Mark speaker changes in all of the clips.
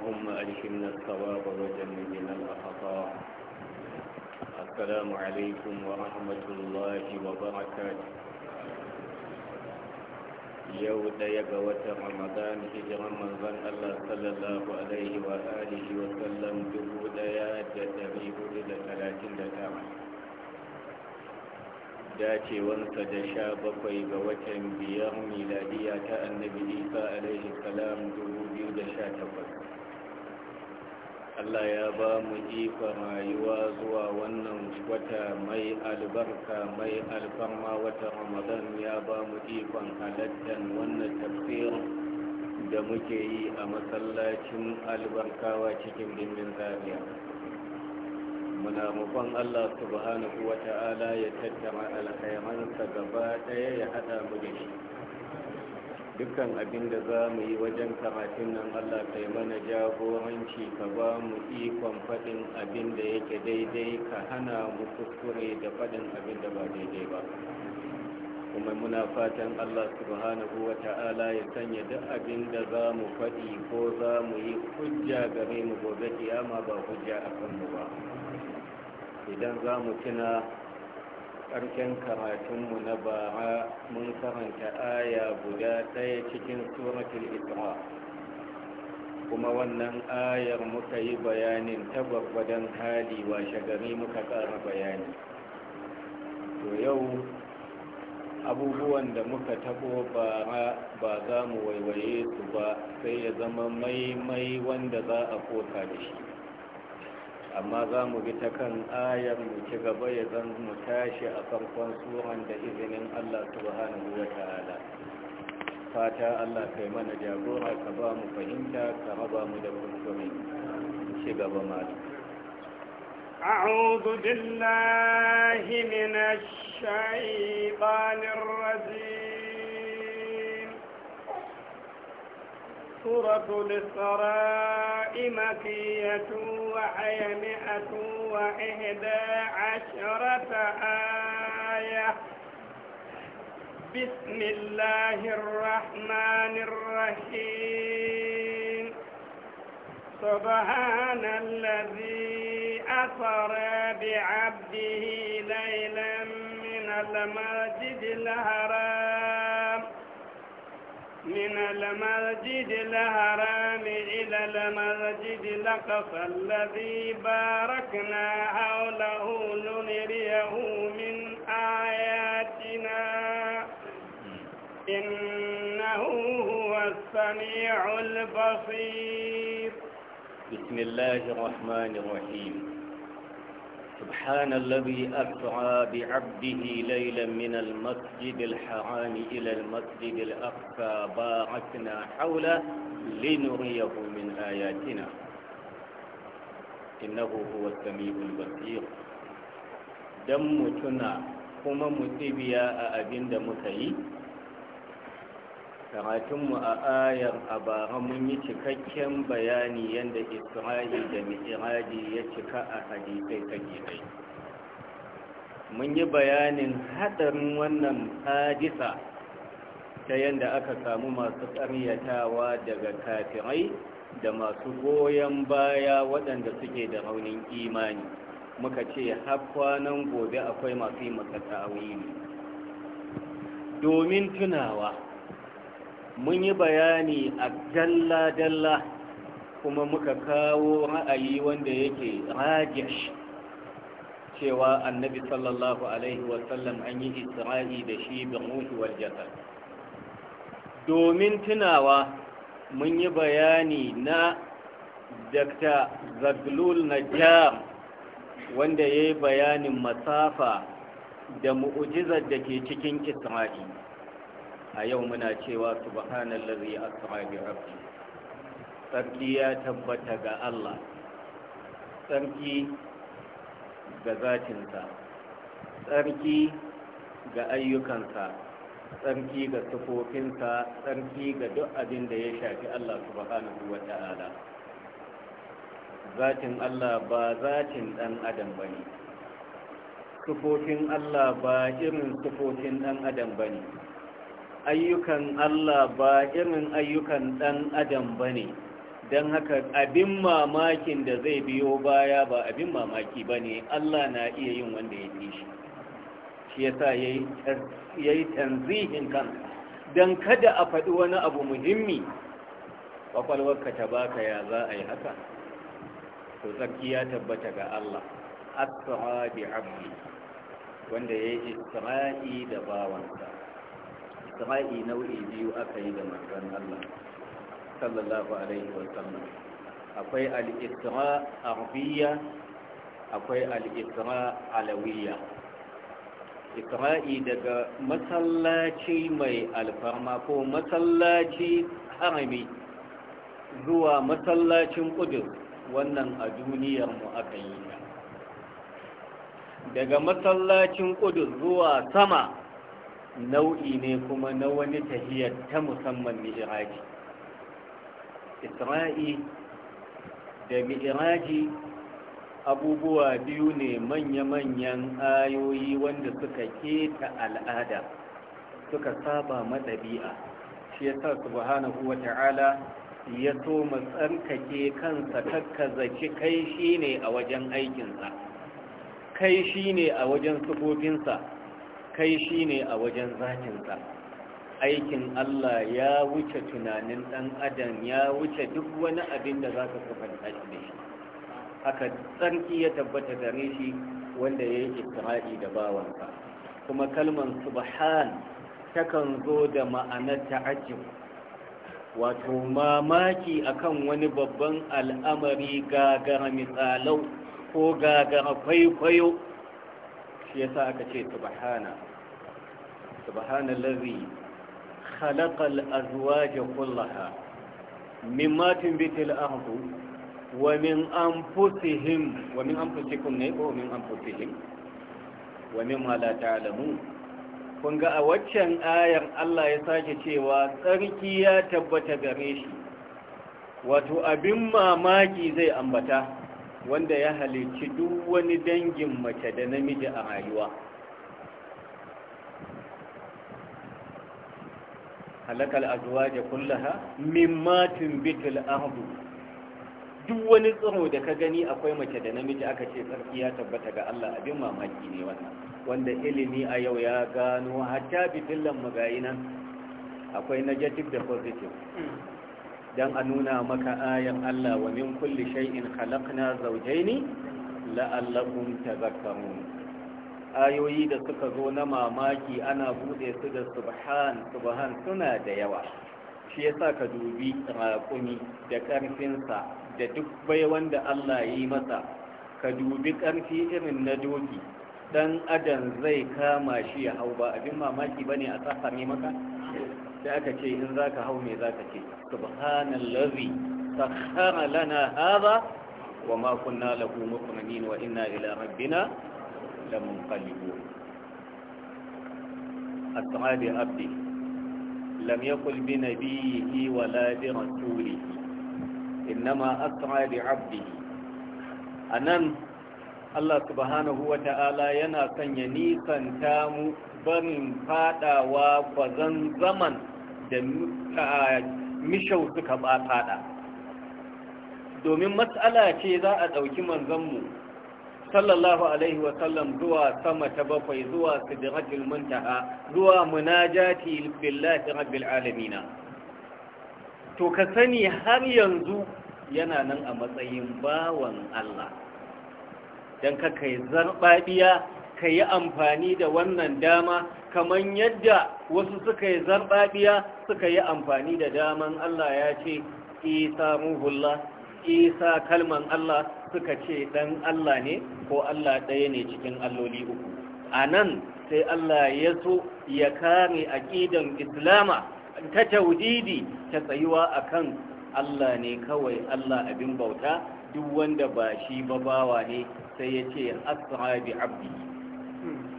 Speaker 1: اللهم ألهمنا الثواب وجنبنا الأخطاء السلام عليكم ورحمة الله وبركاته يو ديق وتر رمضان هجر رمضان الله صلى الله عليه وآله وسلم جهو ديات تبيه إلى ثلاثين دتاما dacewarsa da sha bakwai ga watan biyar miladiya ta annabi isa alaihi salam dubu biyu da sha takwas Allah ya ba mu ikon rayuwa zuwa wannan wata mai albarka mai alfarma wata ramadan ya ba mu ikon halattar wannan tafsir da muke yi a masallacin albarkawa cikin dimin zaria muna roƙon Allah subhanahu wata'ala ya tattara alkhairansa gaba ɗaya ya haɗa mu da shi dukkan abin da za mu yi wajen karatun nan allah yi mana jagoranci ka ba mu ikon faɗin abin da yake daidai ka hana mu kuskure da faɗin abin da ba daidai ba kuma muna fatan allah subhanahu wa ta'ala ya sanya duk abin da za mu faɗi ko za mu yi hujja gare mu gobe kiyama ba hujja a kanmu ba idan za mu tuna karatun karatunmu na bara mun karanta aya guda ɗaya cikin suratul isra kuma wannan ayar muka yi bayanin ta gwargwadon hali washe gari muka ƙara bayani to yau abubuwan da muka taɓo bara ba za mu waiwaye su ba sai ya zama maimai wanda za a koka da shi amma za mu bi ta kan ayar mu ci gaba ya zan mu tashi a farkon suran da izinin Allah subhanahu wa ta'ala fata Allah kai mana jagora ka ba mu fahimta ka raba mu da kuskure ci gaba mata
Speaker 2: أعوذ بالله من الشيطان الرجيم سورة الإسراء مكية وهي مئة وإحدى عشرة آية بسم الله الرحمن الرحيم سبحان الذي أسرى بعبده ليلا من المسجد الحرام من المسجد الحرام إلى المسجد الأقصى الذي باركنا حوله لنريه من آياتنا إنه هو السميع البصير
Speaker 1: بسم الله الرحمن الرحيم سبحان الذي أسعى بعبده ليلا من المسجد الحرام إلى المسجد الأقصى باركنا حوله لنريه من آياتنا إنه هو السميع البصير دم تنا kuma mu tsibiya a abin da muka yi karatunmu a ayar a bara mun yi cikakken bayani yadda isra'i da mi'iradi ya cika a hadisai kagidai mun yi bayanin hadarin wannan hadisa ta yadda aka samu masu karyatawa daga kafirai da masu goyon baya waɗanda suke da raunin imani muka ce har gobe akwai masu yi masa domin tunawa mun yi bayani a dalla-dalla kuma muka kawo ra'ayi wanda yake shi. cewa annabi sallallahu alaihi wasallam an yi isra'i da shi bin ruhi domin tunawa mun yi bayani na dr zaglul najjar wanda ya yi bayanin masafa da mu'ujizar da ke cikin isra'i a yau muna cewa subhanallazi a tsamari rafi sarki ya tabbata ga Allah sarki ga zatinsa sarki ga ayyukansa tsarki ga sufofinsa tsarki ga duk abin da ya shafi Allah subhanahu wa ta'ala zatin Allah ba zatin ɗan adam ba ne sufofin Allah ba irin sufofin ɗan adam ba ne ayyukan Allah ba irin ayyukan ɗan adam ba ne don haka abin mamakin da zai biyo baya ba abin mamaki ba ne Allah na iya yin wanda ya fi shi shi ya sa ya yi tanzihin kan don kada a faɗi wani abu muhimmi kwakwalwarka ta baka ya za a yi haka to tsarki ya tabbata ga Allah asra bi wanda ya yi isra'i da bawansa isra'i nau'i biyu aka yi da manzon Allah sallallahu alaihi wa sallam akwai al-isra arabiyya akwai al-isra alawiyya isra'i daga masallaci mai alfarma ko masallaci harami zuwa masallacin kudus wannan a duniyar mu aka yi daga masallacin kudus zuwa sama nau'i ne kuma na wani tahiyar ta musamman mi'iraji isra'i da mi'iraji abubuwa biyu ne manya-manyan ayoyi wanda suka ke ta al'ada suka saba matsabi'a shi ya sa subhanahu wa ta'ala ya so matsarkake kansa kakkazaci kai shi ne a wajen aikinsa kai shi ne a wajen sufofinsa kai shi ne a wajen zatinsa aikin Allah ya wuce tunanin ɗan adam ya wuce duk wani abin da za ka kufanta da shi haka tsarki ya tabbata gare shi wanda ya yi isra'i da bawansa kuma kalmar subhan takan zo da ma'anar ta'ajjib wato mamaki akan wani babban al'amari gagara misalau ko gagara kwaikwayo shi yasa aka ce subhana سبحان الذي خلق الأزواج كلها مما تنبت الأرض ومن أنفسهم ومن أنفسكم نيبو ومن أنفسهم ومما لا تعلمون kun ga a waccan ayar Allah ya sake cewa tsarki ya tabbata gare shi wato abin mamaki zai ambata wanda ya halicci duk wani dangin mace da namiji a rayuwa halakal azwaja kullaha mimma tumbitul ahdu duk wani tsiro da ka gani akwai mace da namiji aka ce tsarki ya tabbata ga Allah abin mamaki ne wannan wanda ilimi a yau ya gano hatta bitillan magayi nan akwai negative da positive dan a nuna maka ayan Allah wa min kulli shay'in khalaqna zawjayn la'allakum tadhakkarun ayoyi da suka zo na mamaki ana bude su da subhan subhan suna da yawa shi yasa ka dubi raƙumi da ƙarfinsa da duk bai wanda Allah yi masa ka dubi ƙarfi irin na doki dan adam zai kama shi ya hau ba abin mamaki bane a tsakami maka sai aka ce in zaka hau me zaka ce subhanallazi sakhara lana hadha wa ma kunna lahu muqrinin wa inna ila rabbina لمنقلبون أصحاب عبده لم يقل بنبيه ولا برسوله إنما أصحاب عبده أنم Allah subhanahu wa ta'ala yana sanya nisan tamu barin fadawa bazan zaman da mishau suka ba fada domin matsala ce za a ɗauki manzanmu sallallahu alaihi wa sallam zuwa sama ta bakwai zuwa sidratul muntaha zuwa munajati billahi rabbil alamin to ka sani har yanzu yana nan a matsayin bawan Allah dan ka kai zarbabiya ka yi amfani da wannan dama kamar yadda wasu suka yi zarbabiya suka yi amfani da daman Allah ya ce isa muhullah isa kalman Allah suka ce ɗan Allah ne ko Allah ɗaya ne cikin alloli uku a nan sai Allah ya so ya kare aƙidan islama ta taudidi ta tsayuwa a kan Allah ne kawai Allah abin bauta duk wanda ba shi ba bawa ne sai ya ce asra abdi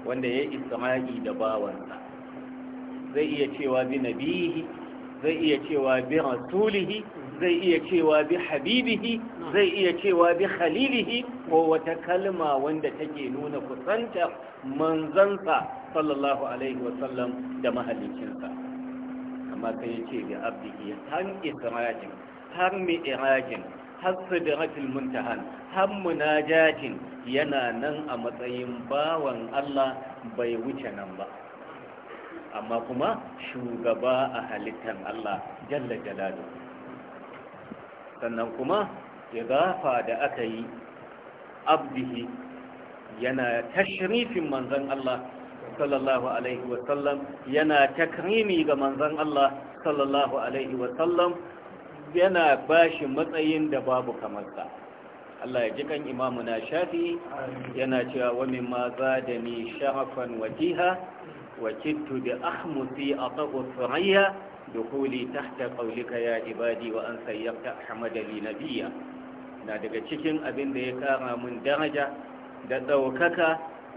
Speaker 1: wanda ya isra'i da bawansa zai iya cewa bi nabihi zai iya cewa bi rasulihi zai iya cewa bi habibihi zai iya cewa bi khalilihi ko wata kalma wanda take nuna kusanta manzansa sallallahu alaihi wasallam da mahalicinsa amma sai ya ce bi abdihi har isra'in har mi'irajin har sidratul muntahan har munajatin yana nan a matsayin bawan Allah bai wuce nan ba amma kuma shugaba a halittar Allah jalla jalaluhu sannan kuma idafa da aka yi abdihi yana tashrifin manzan Allah sallallahu alaihi wasallam yana takrimi ga manzan Allah sallallahu alaihi wasallam yana bashi matsayin da babu kamar Allah ya ji kan imamu na shafi yana cewa wani ma za da ni shafan wajiha wa kittu bi ahmusi a tsakon surayya دخولي تحت قولك يا عبادي وأن سيبت أحمد لي نبيا نادق تشكين أبن ديكارا من درجة دوكك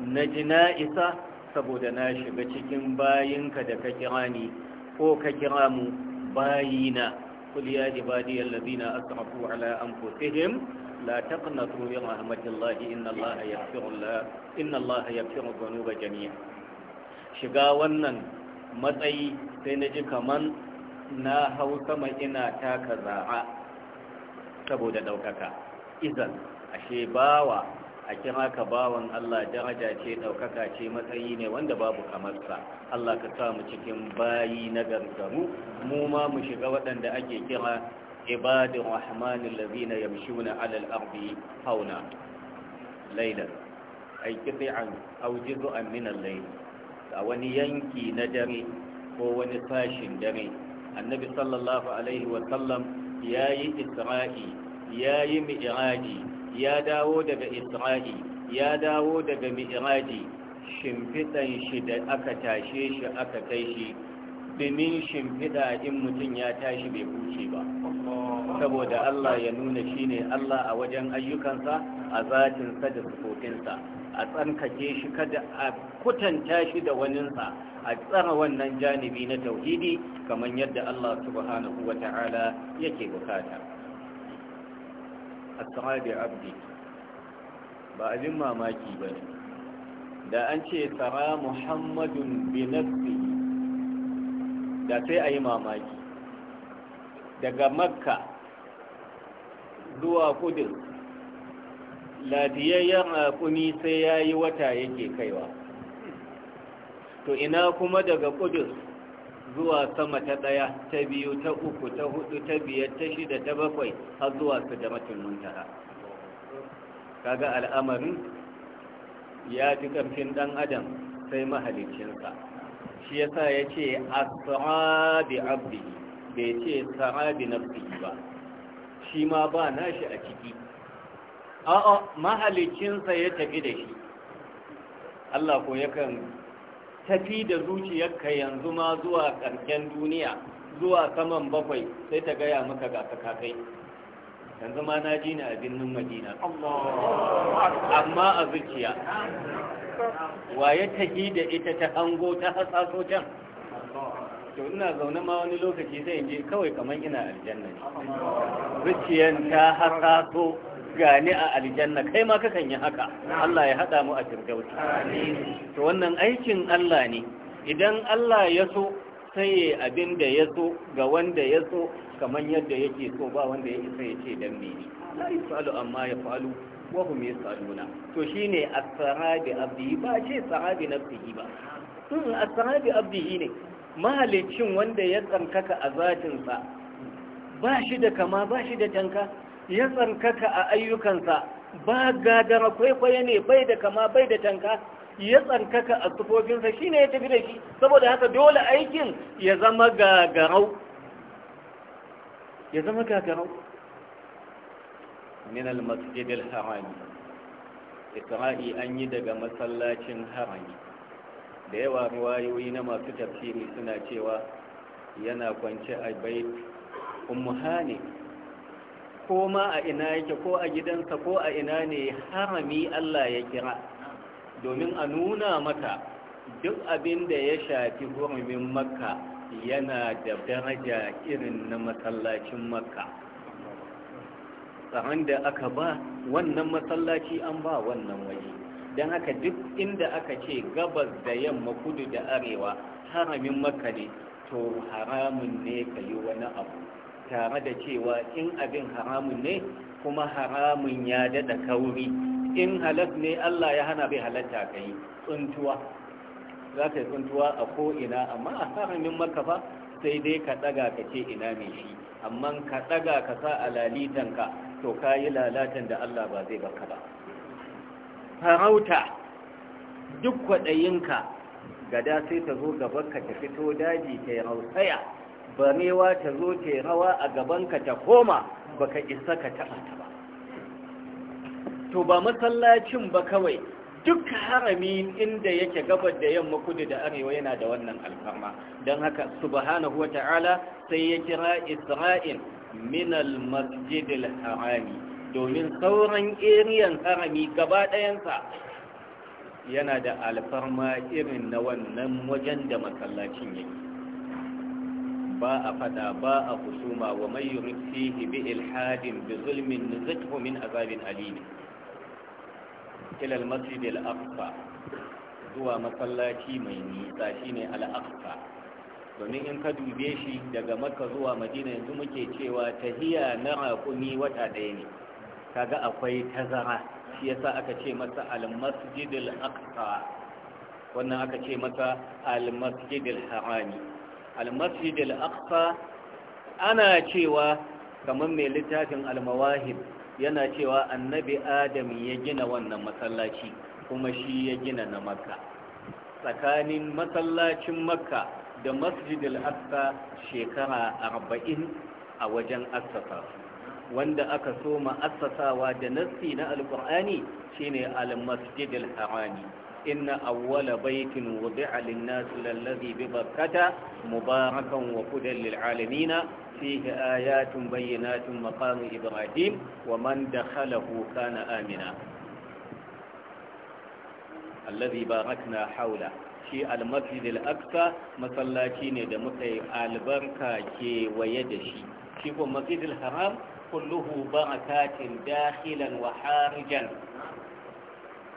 Speaker 1: نجنا إسا saboda na shiga cikin bayinka da ka kira ni ko ka kira mu bayina kul ya ibadiy allazina asrafu ala anfusihim la taqnatu min rahmatillahi inna allaha yaghfiru la inna allaha yaghfiru jami'a shiga wannan matsayi sai na ji kaman na hau sama ina taka za'a saboda ɗaukaka izan ashe bawa a kira ka bawan Allah daraja ce ɗaukaka ce matsayi ne wanda babu kamar kamarsa Allah ka sa mu cikin bayi na gargaru mu ma mu shiga waɗanda ake kira ibadin rahmanin lazina yamshuna alal ardi hauna lailan ay qit'an aw juz'an min al-layl a wani yanki na dare ko wani sashin dare annabi sallallahu alaihi wasallam ya yi isra'i ya yi mi'iraji ya dawo daga isra'i ya dawo daga mi'iraji shimfiɗan shi da aka tashe shi aka kai shi domin shimfiɗa in mutum ya tashi bai huce ba saboda Allah ya nuna shine Allah a wajen ayyukansa a zatinsa da sufofinsa a tsankake shi kada a kutanta shi da waninsa a tsara wannan janibi na tauhidi kamar yadda Allah subhanahu wa ta'ala yake bukata as abdi ba abin mamaki ba ne da an ce tsara muhammadun binafsi da sai a yi mamaki daga makka zuwa kudin lafiyayyen raƙumi sai ya yi wata yake kaiwa to ina kuma daga kudus zuwa sama ta ɗaya ta biyu ta uku ta hudu ta biyar ta shida ta bakwai har zuwa su da matinin tara kaga al'amarin ya fi ƙarfin ɗan adam sai mahalicinsa shi yasa ya ce tsarabi abdi bai ce sarabi nafsi ba shi ma ba nashi a ciki a'a mahalicinsa ya tafi da shi Allah ko yakan tafi da zuciyarka yanzu ma zuwa ƙarshen duniya zuwa saman bakwai sai ta gaya maka ga kakai yanzu ma na ji na a birnin madina amma a zuciya Wa ya tafi da ita ta hango ta hasaso can to ina zaune ma wani lokaci zai je kawai kamar ina aljanna ne ta hasaso gani a aljanna kai ma kakan yi haka Allah ya haɗa mu a firdausi to wannan aikin Allah ne idan Allah ya so sai ya abin da ya so ga wanda ya so kamar yadda yake so ba wanda ya isa ya ce dan mene la yusalu amma ya falu wa hum yusaluna to shine as-sahabi abdi ba ce sahabi nafsihi ba sun hmm, as-sahabi abdi ne mahalicin wanda ya tsankaka a sa ba shi da kama ba shi da tanka ya tsarkaka a ayyukansa ba gadara kwaikwayo ne bai da kama bai da tanka ya tsarkaka a tufofinsa shi ne ya tafi da shi saboda haka dole aikin ya zama gagarau
Speaker 3: ya zama gagarau
Speaker 1: min al-masjid harami isra'i an yi daga masallacin harami da yawa ruwayoyi na masu tafsiri suna cewa yana kwance a bai ummu hanif ko ma a ina yake ko a gidansa ko a ina ne harami Allah ya kira domin a nuna maka duk abin da ya shafi hurumin makka yana da daraja irin na masallacin makka tsaron da aka ba wannan masallaci an ba wannan waje don haka duk inda aka ce gabas da yamma kudu da arewa haramin makka ne to haramun ne ka yi wani abu tare da cewa in abin haramun ne kuma haramun ya daɗa kauri in halas ne Allah ya hana bai halatta ka yi tsuntuwa za ka yi tsuntuwa a ko'ina amma a haramin makafa sai dai ka ɗaga ka ce ina mai shi amma ka ɗaga ka sa a lalitanka to ka yi lalatan da Allah ba zai baka ba farauta duk kwaɗayinka gada sai ta zo gabar ka ta fito daji ta yi rautsaya barewa ta zo ta rawa a gabanka ta koma baka isa ka taɓa ta ba to ba masallacin ba kawai duk harami inda yake gabar da yamma kudu da arewa yana da wannan alfarma don haka subhanahu wa ta'ala sai ya kira isra'il min al-masjid al-harami domin sauran eriyan harami gaba ɗayansa yana da alfarma irin na wannan wajen da masallacin yake ba a fada ba a kusuma wa mai yurid bi ilhadin bi zulmin nuzithu min azabin alim ila masjid al-aqsa zuwa masallaci mai nisa shine al-aqsa domin in ka dube shi daga makka zuwa madina yanzu muke cewa tahiya na raƙumi wata ɗaya ne kaga akwai tazara shi yasa aka ce masa al-masjid al-aqsa wannan aka ce masa al-masjid al-harami almasjid al ana cewa kamar mai littafin almawahib yana cewa annabi adam ya gina wannan masallaci kuma shi ya gina na makka tsakanin masallacin makka da masjid al shekara arba'in a wajen assasa wanda aka so ma'assasawa da nassi na alkur'ani shine al al-harami إن أول بيت وضع للناس للذي ببكة مباركا وهدى للعالمين فيه آيات بينات مقام إبراهيم ومن دخله كان آمنا الذي باركنا حوله shi almasjid al-aqsa masallaci ne da muka yi albarka kewaye da shi shi kuma haram kulluhu barakatin dakhilan wa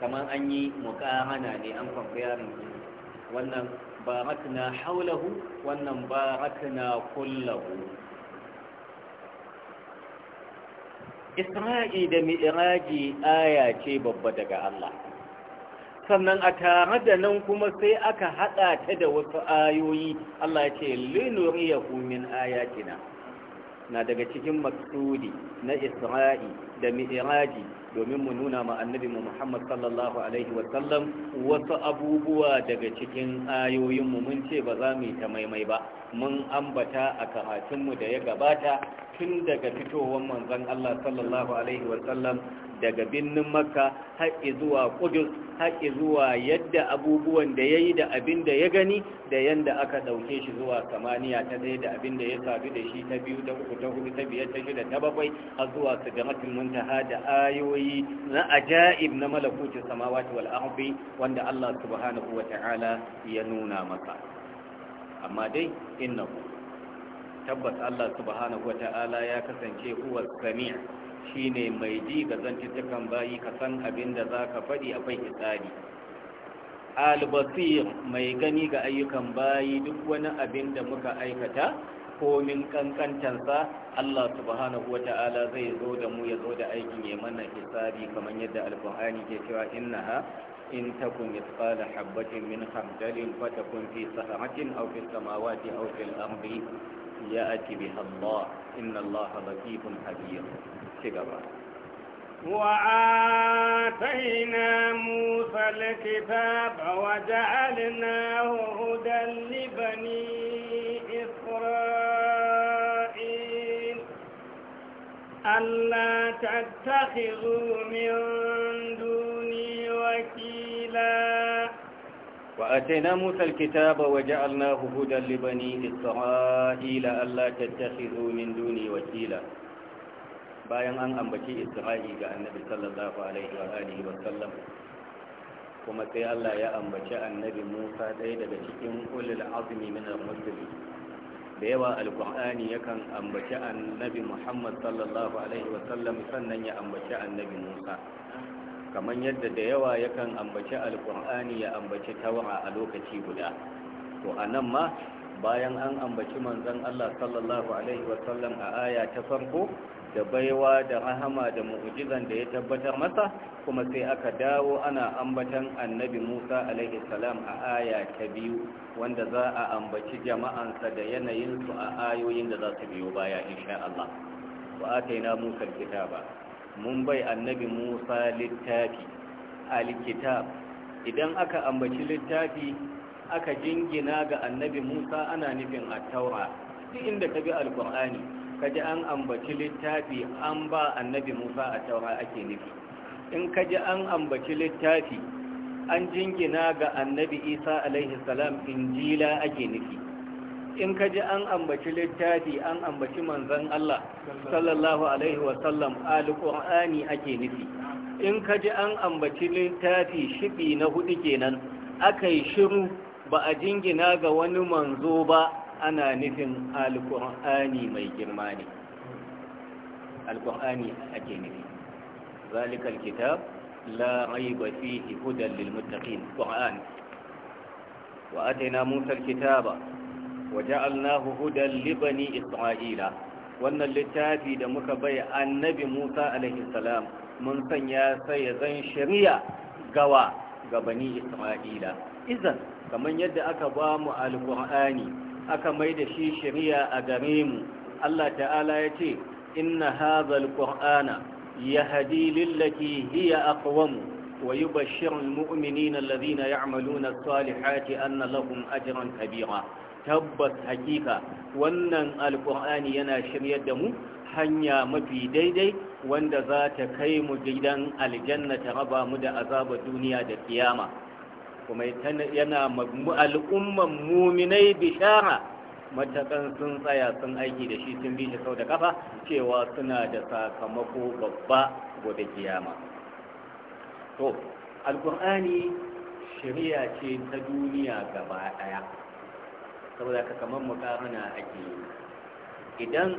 Speaker 1: kamar an yi muƙahana ne an su, wannan na haulahu wannan na kullahu isra'i da mi'iraji aya ce babba daga Allah sannan a tare da nan kuma sai aka haɗa ta da wasu ayoyi Allah ya ce linuriyahu min ayatina na daga cikin maksudi na isra'i da mi'raji domin mu nuna ma annabi mu Muhammad sallallahu alaihi wa sallam wasu abubuwa daga cikin ayoyin mu mun ce ba za mu yi ta maimai ba mun ambata a karatun mu da ya gabata tun daga fitowar manzon Allah sallallahu alaihi wa sallam daga binnin Makka har zuwa Qudus har zuwa yadda abubuwan da yayi da abin da ya gani da yanda aka dauke shi zuwa samaniya ta dai da abin da ya sabu da shi ta biyu ta uku ta hudu ta biyar ta shida ta bakwai har zuwa sidratul muntaha da ayoyi na ajaib na malakutin samawati wal arbi wanda Allah subhanahu wa ya nuna maka amma dai innahu tabbas Allah subhanahu wa ya kasance huwa sami' shine mai ji ga zantukan bayi ka san abin da zaka faɗi akwai hitsari al-basir mai gani ga ayyukan bayi duk wani abin da muka aikata komin kankantansa Allah subhanahu ta'ala zai zo da mu ya zo da aikin ya mana hisabi kamar yadda alkur'ani ke cewa innaha in takun mithqala habatin min khardalin fatakun fi sahatin aw fi samawati aw fil ardi ya'ti biha Allah inna Allah latifun habir ci gaba
Speaker 2: وآتينا موسى الكتاب وجعلناه هدى لبني ألا تتخذوا من دوني وكيلا
Speaker 1: وأتينا موسى الكتاب وجعلناه هدى لبني إسرائيل ألا تتخذوا من duni wakila. bayan an ambaci Isra'i ga Annabi sallallahu alaihi wa alihi wa kuma sai Allah ya ambaci Annabi Musa ɗaya daga cikin ulul azmi min al rusuli da yawa alkur'ani yakan ambaci annabi muhammad sallallahu alaihi wasallam sannan ya ambaci annabi musa kamar yadda da yawa yakan ambaci alkur'ani ya ambaci taura a lokaci guda to a nan ma bayan an ambaci manzon allah sallallahu alaihi wasallam a aya ta farko da baiwa da rahama da mu'ujizan da ya tabbatar masa kuma sai aka dawo ana ambatan annabi musa alaihi salam a aya ta biyu wanda za a ambaci jama'ansa da yanayinsu a ayoyin da za su biyo baya insha Allah wa ataina musa kitaba mun bai annabi musa littafi alkitab idan aka ambaci littafi aka jingina ga annabi musa ana nufin a taura duk inda ka bi alkur'ani kaji an ambaci littafi an ba annabi musa a taura ake nufi in kaji an ambaci littafi an jingina ga annabi isa alaihi salam injila ake nufi in kaji an ambaci littafi an ambaci manzan allah sallallahu alaihi wasallam alƙur'ani ake nufi in kaji an ambaci littafi shiɗi na hudu kenan aka yi shiru ba a jingina ga wani manzo ba ana nufin Alƙur'ani mai girma ne Alƙur'ani ake nufi zalikal kitab la raiba fihi hudan lil muttaqin qur'an wa atayna musa alkitaba wa ja'alnahu hudan li bani isra'ila wannan littafi da muka bai annabi musa alaihi salam mun sanya sai zan shari'a gawa ga bani isra'ila izan kamar yadda aka ba mu alkur'ani aka mai da shi shari'a a gare mu Allah ta'ala ya ce inna hazal qur'ana yahdi lillati hiya aqwam wa yubashshiru almu'minina alladhina ya'maluna as-salihati anna lahum ajran kabira tabbas hakika wannan alqur'ani yana shiryar da mu hanya mafi daidai wanda za ta kai mu gidan aljanna ta raba mu da azabar duniya da kiyama kuma yana al'umman muminai bishara matakan sun tsaya sun aiki da shi sun bi shi sau da kafa cewa suna da sakamako babba gobe kiyama to alkur'ani shari'a ce ta duniya gaba daya saboda ka kamar mukarana ake yi idan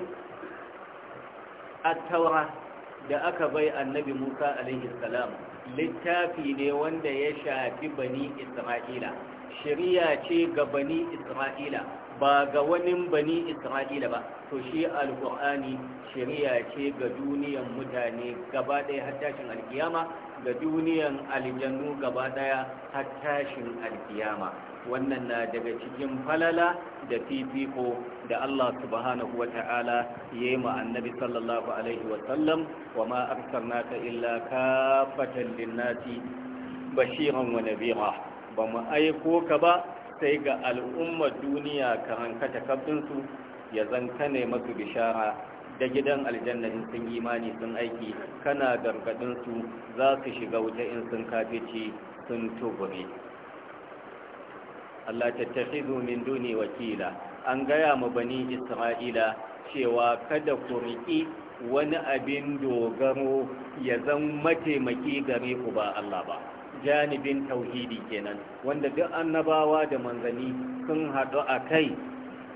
Speaker 1: taura. da aka bai annabi Musa alaihi salam littafi ne wanda ya shafi bani Isra'ila shari'a ce ga bani Isra'ila ba ga wani bani Isra'ila ba to shi alqur'ani shari'a ce ga duniyar mutane gaba ɗaya har tashin alkiyama ga duniyan aljannu gaba daya har tashin alkiyama wannan na daga cikin falala da fifiko da Allah subhanahu wa ta'ala yayi ma annabi sallallahu alaihi wa sallam wa ma arsalnaka illa kafatan linnati bashiran wa nadhira ba mu aiko ka ba sai ga al'ummar duniya ka hankata kabdinsu ya zanka ne masu bishara da gidan aljanna in sun imani sun aiki kana gargadin su za su shiga wuta in sun kafici sun tubure Allah tattakhidhu min duni wakila an gaya ma bani Isra'ila cewa kada ku riki wani abin dogaro ya zan mataimaki gare ku ba Allah ba janibin tauhidi kenan wanda duk annabawa da manzanni sun haɗu a kai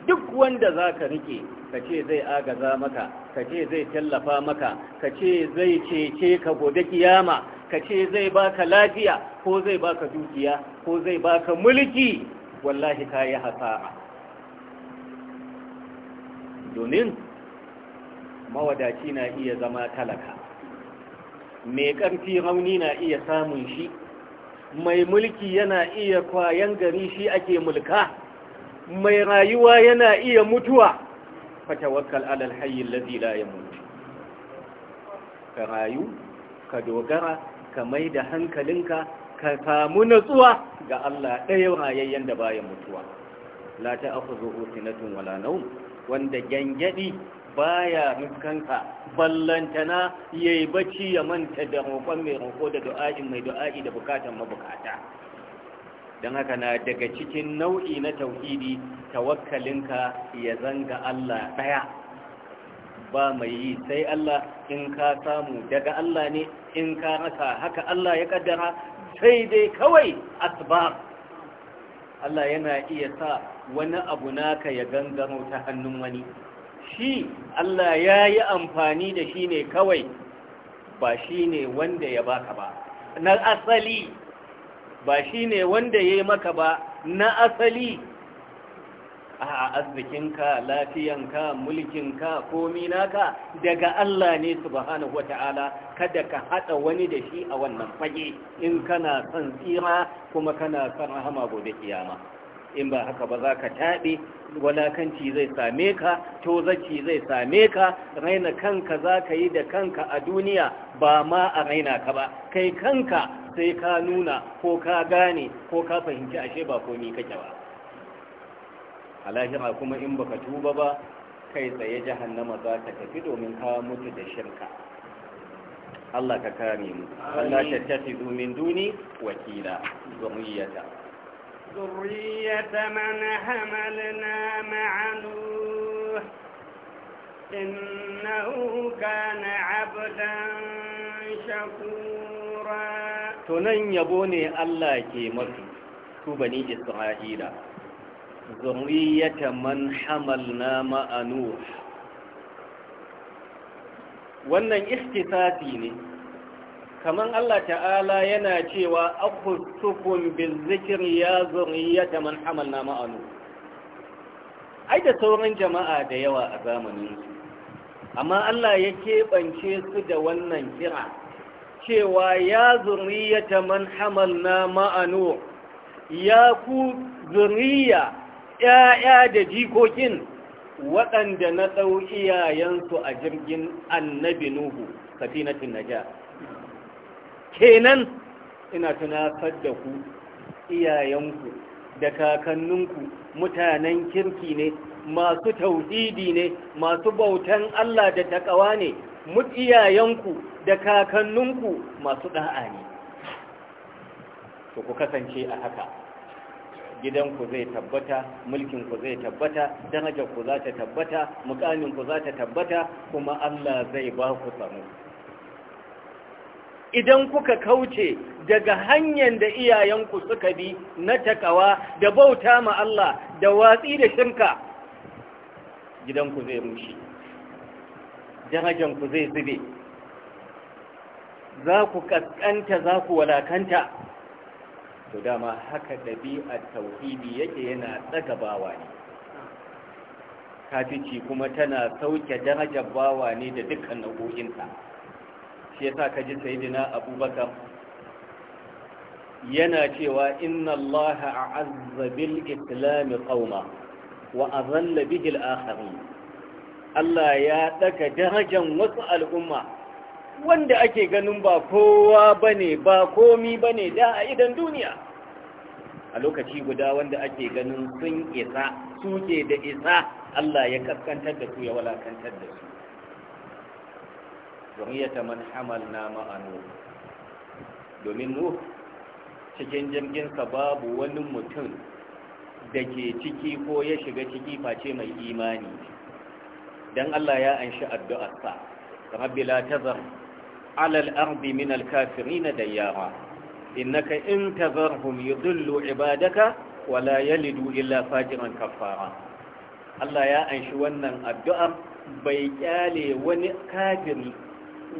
Speaker 1: duk wanda za ka rike ka ce zai agaza maka ka ce zai tallafa maka ka ce zai cece ka gobe kiyama ka ce zai baka lafiya ko zai baka dukiya ko zai baka mulki wallahi ka yi hasara domin mawadaci na iya zama talaka mai ƙarfi rauni na iya samun shi mai mulki yana iya kwayan gari shi ake mulka mai rayuwa yana iya mutuwa fatawakkal alal hayin ladhi la yamut ka rayu ka dogara ka mai da hankalinka ka samu natsuwa ga Allah ɗaya rayayyen da baya mutuwa la ta'khudhu sinatun wala nawm wanda gangadi baya muskanka ballantana yayi bacci ya manta da roƙon mai roƙo da du'a'in mai du'a'i da bukatan mabukata don haka na daga cikin nau'i na tauhidi tawakkalinka ya zanga Allah ɗaya ba mai yi sai Allah in ka samu daga Allah ne in ka rasa haka Allah ya kaddara sai dai kawai asbab Allah yana iya sa wani abu naka ya gangaro ta hannun wani shi Allah ya yi amfani da shi ne kawai ba shi ne wanda ya baka ba na asali ba shi ne wanda ya yi maka ba na asali a arzikinka lafiyanka mulkinka komi naka daga Allah ne subhanahu wata'ala kada ka haɗa wani da shi a wannan fage in kana son tsira kuma kana son rahama gobe kiyama in ba haka ba za ka taɓe walakanci zai same ka tozaci zai same ka raina kanka za ka yi da kanka a duniya ba ma a raina ka ba kai kanka sai ka nuna ko ka gane ko ka fahimci ashe ba komi kake ba a lahira kuma in baka tuba ba kai tsaye jahannama za ka tafi domin ka mutu da shirka Allah ka kare mu Allah ta tafi domin duni wakila zuriyata
Speaker 2: ذرية من حملنا مع نوح إنه كان عبدا شكورا
Speaker 1: تنين يبوني الله كي مكي كوبني إسرائيل ذرية من حملنا مع نوح wannan istifati ne kamar Allah ta'ala yana cewa akhussukum bizikr ya zuriyata man hamalna ma'anu ai da sauran jama'a da yawa a zamanin su amma Allah ya keɓance su da wannan kira cewa ya zuriyata man hamalna ma'anu ya ku zuriya ‘ya'ya da jikokin waɗanda na ɗau iyayensu a jirgin annabi Nuhu, safinatin Naja. kenan ina tunasar da ku iyayenku da kakanninku mutanen kirki ne masu tauhidi ne masu bautan Allah da takawa ne iyayenku da kakanninku masu da'a ne to ku kasance a haka gidanku zai tabbata mulkinku zai tabbata darajarku za ta tabbata mukaminku za ta tabbata kuma Allah zai ba ku tsaro idan kuka kauce daga hanyar da iyayenku suka bi na takawa da bauta ma Allah da watsi da shirka gidanku zai rushe darajanku zai zube za ku kaskanta za ku walakanta to dama haka ɗabi'ar tauhidi yake yana tsagabawa ne kafici kuma tana sauke darajar bawa ne da dukkan nau'o'inta shi yasa ka ji sayyidina abubakar yana cewa inna Allah a'azza bil islam qauma wa azalla bihi al-akharin Allah ya daka darajar wasu al'umma wanda ake ganin ba kowa bane ba komi bane da a idan duniya a lokaci guda wanda ake ganin sun isa suke da isa Allah ya kaskantar da su ya walakantar da su zuriyata man hamalna ma'anu domin mu cikin jirginsa babu wani mutum da ke ciki ko ya shiga ciki face mai imani don Allah ya anshi addu'arsa rabbi la tazar alal ardi min alkafirina da yara innaka in tazarhum yudillu ibadaka wala yalidu illa fajiran kafara Allah ya anshi wannan addu'ar bai kyale wani kafiri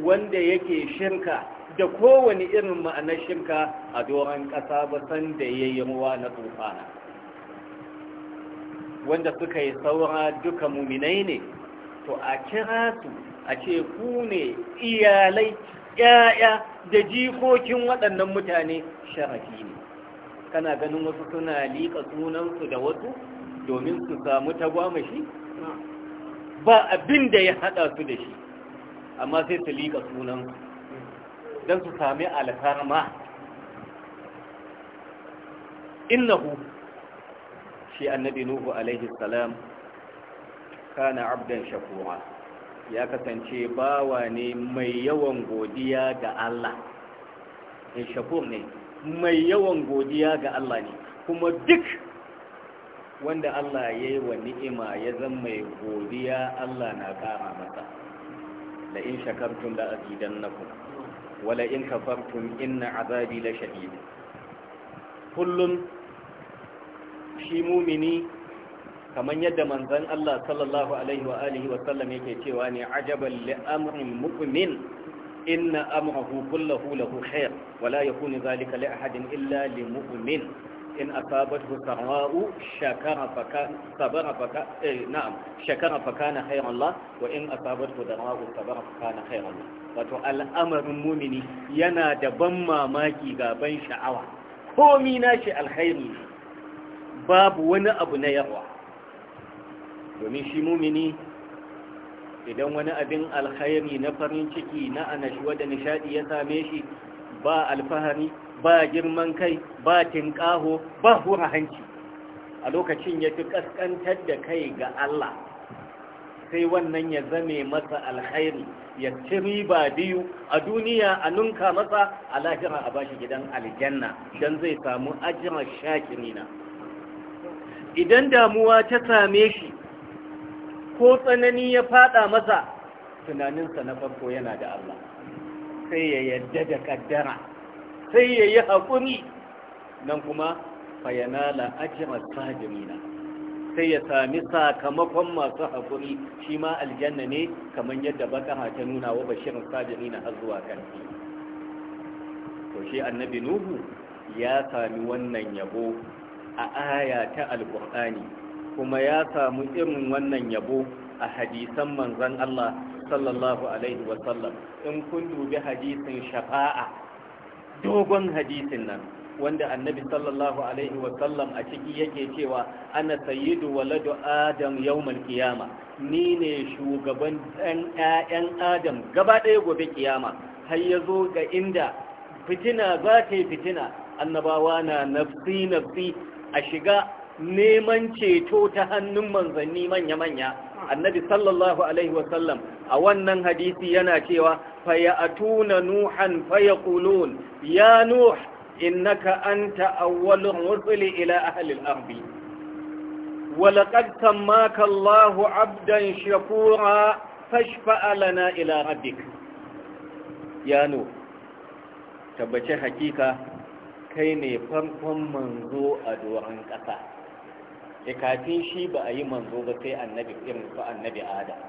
Speaker 1: wanda yake shirka da kowane irin ma'anar shirka a doron ƙasa ba san da ya yi ruwa na tsofana wanda suka yi saura duka muminai ne to a kira su a ce ku ne iyalai ƙya'ya da jikokin waɗannan mutane sharafi ne kana ganin wasu suna liƙa sunansu da wasu domin su samu tagwamashi ba abin da ya haɗa su da shi amma sai su liƙa sunan don su sami alfarma innahu shi annabi nuhu alaihi salam kana abdan shakura ya kasance bawa ne mai yawan godiya ga Allah in eh, shakur ne mai yawan godiya ga Allah ne kuma duk wanda Allah ya yi wa ni'ima ya zama mai godiya Allah na kara masa la in shakartum la azidannakum wala in kafartum inna azabi la shadid kullum shi mumini kamar yadda manzon Allah sallallahu alaihi wa alihi wa sallam yake cewa ne ajaban li amrin mu'min inna amrahu kullahu lahu khair wala yakunu zalika li ahadin illa li mu'min in asabathu sarra'u shakara faka sabara faka eh na'am shakara faka na khairan Allah wa in asabathu darra'u sabara faka na khairan Allah wato al'amarin mumini yana da ban mamaki ga ban sha'awa komi shi alkhairi babu wani abu na yawa domin shi mumini idan wani abin alkhairi na farin ciki na anashuwa da nishadi ya same shi ba alfahari ba girman kai ba tinƙaho ba hura hanci a lokacin ya fi ƙasƙantar da kai ga Allah sai wannan ya zame masa alkhairi ya ci riba biyu a duniya a nunka masa a lahira a bashi gidan aljanna don zai samu ajiyar shakirina idan damuwa ta same shi ko tsanani ya fada masa tunaninsa na farko yana da Allah sai ya yadda da kaddara sai ya yi haƙuri nan kuma fayanala ajiyar sajimina sai ya sami sakamakon masu haƙuri shi ma aljanna ne kamar yadda baka ta nuna wa bashirin sajimina har zuwa ƙarfi to shi annabi nuhu ya sami wannan yabo a aya ta alƙur'ani kuma ya samu irin wannan yabo a hadisan manzan Allah sallallahu alaihi wasallam in kun dubi hadisin shafa'a dogon hadisin nan wanda annabi sallallahu alaihi wasallam a ciki yake cewa ana sayyidu waladu adam yawmal ƙiyama ni ne shugaban ɗan ƴaƴan adam gaba ɗaya gobe kiyama har ya zo ga inda fitina za ta yi fitina annabawa na nafsi nafsi a shiga neman ceto ta hannun manzanni manya-manya annabi sallallahu alaihi wasallam a wannan hadisi yana cewa fayatuna nuhan fayakulun ya nuh innaka anta awwalur rusuli ila ahli al-ardi walaqad tammaka Allahu 'abdan shakura fashfa'a lana ila rabbik ya nuh tabbace hakika kai ne famfan manzo a doran kasa e shi ba a yi manzo ba sai annabi irin su annabi adam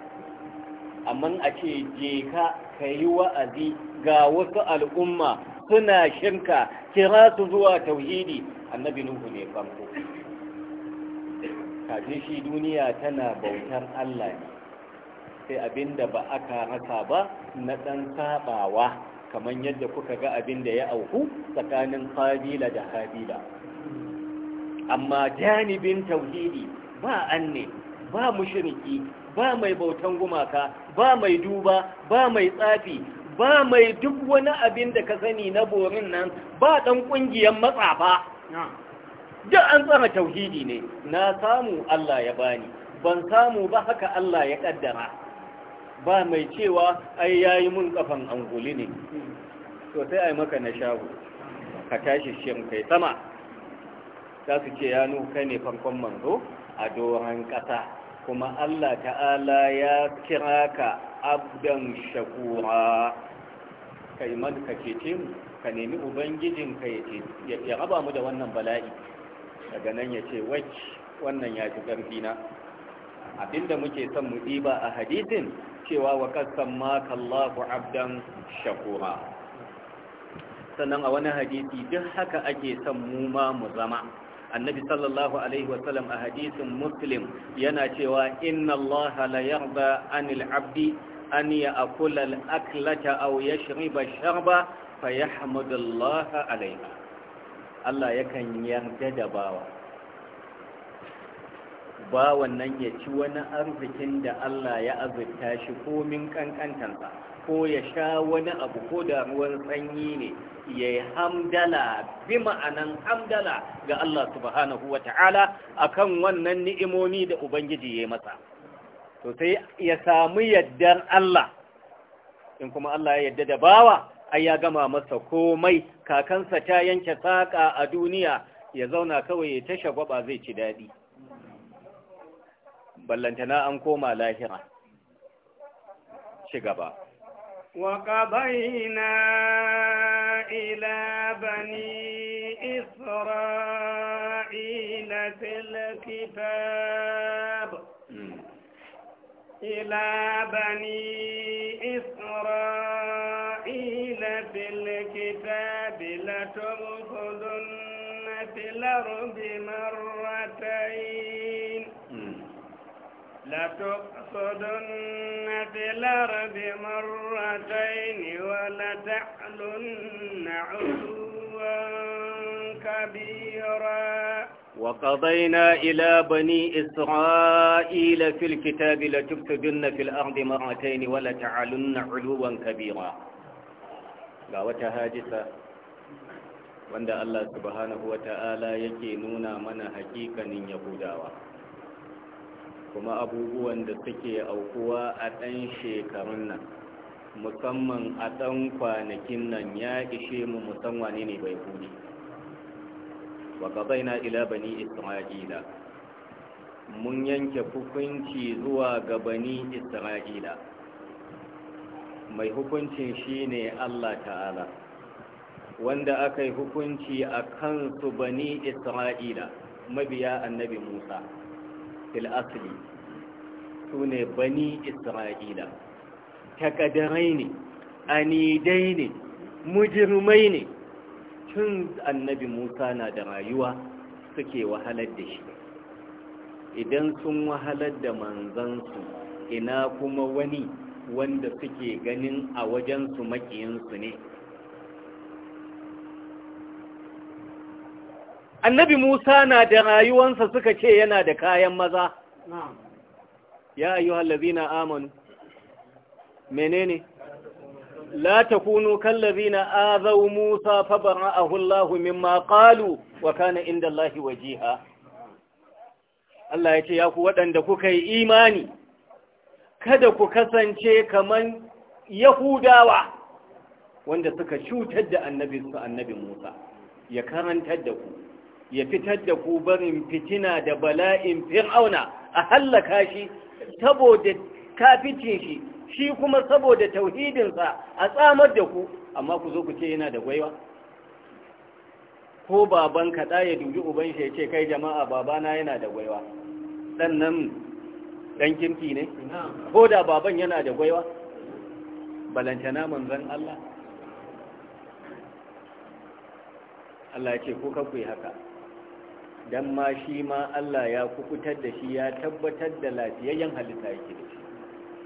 Speaker 1: amma a ce je ka yi wa'azi ga wasu al'umma suna shinka kira su zuwa tauhidi annabi nuhu ne farko kafin shi duniya tana bautar Allah ne sai abinda ba aka rasa ba na dan sabawa kamar yadda kuka ga abinda ya auku tsakanin kabila da kabila amma janibin tauhidi ba anne ba mushriki ba mai bautan gumaka ba mai duba ba mai tsafi ba mai duk wani abin da ka sani na borin nan ba ɗan ƙungiyar matsa ba. duk an tsara tauhidi ne na samu Allah ya bani ban samu ba haka Allah ya ƙaddara ba mai cewa ai yayi mun ƙafan anguli ne to sai ai maka na shago ka tashi shin kai sama za su ce ya nuka ne farkon manzo a doron ƙasa kuma Allah ta'ala ya kira ka abdan shakura kai man ka cece mu ka nemi ubangijin ka ya ya mu da wannan bala'i daga nan ya ce wacce wannan ya ji ƙarfi na abinda muke son mu ɗiba a hadisin cewa wa kasan maka abdan shakura sannan a wani hadisi duk haka ake son mu ma mu zama annabi sallallahu alaihi wasallam a hadisin muslim yana cewa inna allaha la yarda anil abdi an ya akula al'aklata au ya shirba sharba fa ya hamadullaha alaiha Allah yakan yarda da bawa bawan nan ya ci wani arzikin da Allah ya azurta shi komin kankantansa ko ya sha wani abu ko da ruwan sanyi ne ya yi hamdala bi ma'anan hamdala ga Allah subhanahu wa ta'ala akan wannan ni'imomi da Ubangiji ya yi masa. to sai ya samu yaddar Allah in kuma Allah ya yadda da bawa ai ya gama masa komai kakansa ta yanke saƙa a duniya ya zauna kawai ya tasha gwaba zai ci daɗi ballantana an koma lahira ci gaba
Speaker 2: وقضينا إلى بني إسرائيل في الكتاب إلى بني إسرائيل في الكتاب لتبخذن في الأرض مرتين لتقصدن في الأرض مرتين ولتعلن علوا كبيرا
Speaker 1: وقضينا إلى بني إسرائيل في الكتاب لتفسدن في الأرض مرتين ولتعلن علوا كبيرا قاوة هاجسة وأن الله سبحانه وتعالى يكي نونا من حقيقة يهوداوة kuma abubuwan da suke aukuwa a ɗan shekarun nan musamman a ɗan kwanakin nan ya ishe mu musamman ne bai huli wa qadayna ila bani isra'ila mun yanke hukunci zuwa ga bani isra'ila mai hukuncin shine Allah ta'ala wanda aka yi hukunci a kansu bani isra'ila mabiya annabi musa fil asli su ne bani isra'ila takadarai ne anidai ne mujirmai ne tun annabi musa na da rayuwa suke wahalar da shi idan sun wahalar da manzansu ina kuma wani wanda suke ganin a wajen su makiyinsu ne annabi musa na da rayuwansa suka ce yana da kayan maza ya ayyuhallazina amanu menene لا تكونوا كالذين آذوا موسى فبرأه الله مما قالوا وكان عند الله وجيها Allah ya ce ya ku waɗanda kuka yi imani kada ku kasance kaman Yahudawa wanda suka cutar da annabi su annabi Musa ya karantar da ku ya fitar da ku barin fitina da bala'in fir'auna a hallaka shi saboda kaficin shi shi kuma saboda tauhidinsa a tsamar da ku amma ku zo ku ce yana da gwaiwa ko baban kaɗa ya dubi uban shi ya ce kai jama'a babana yana da gwaiwa ɗan nan ɗan kimfi ne ko da baban yana da gwaiwa namun zan Allah Allah ya ce ko kakwai yi haka don ma shi ma Allah ya kukutar da shi ya tabbatar da lafiyayyen halitta yake da shi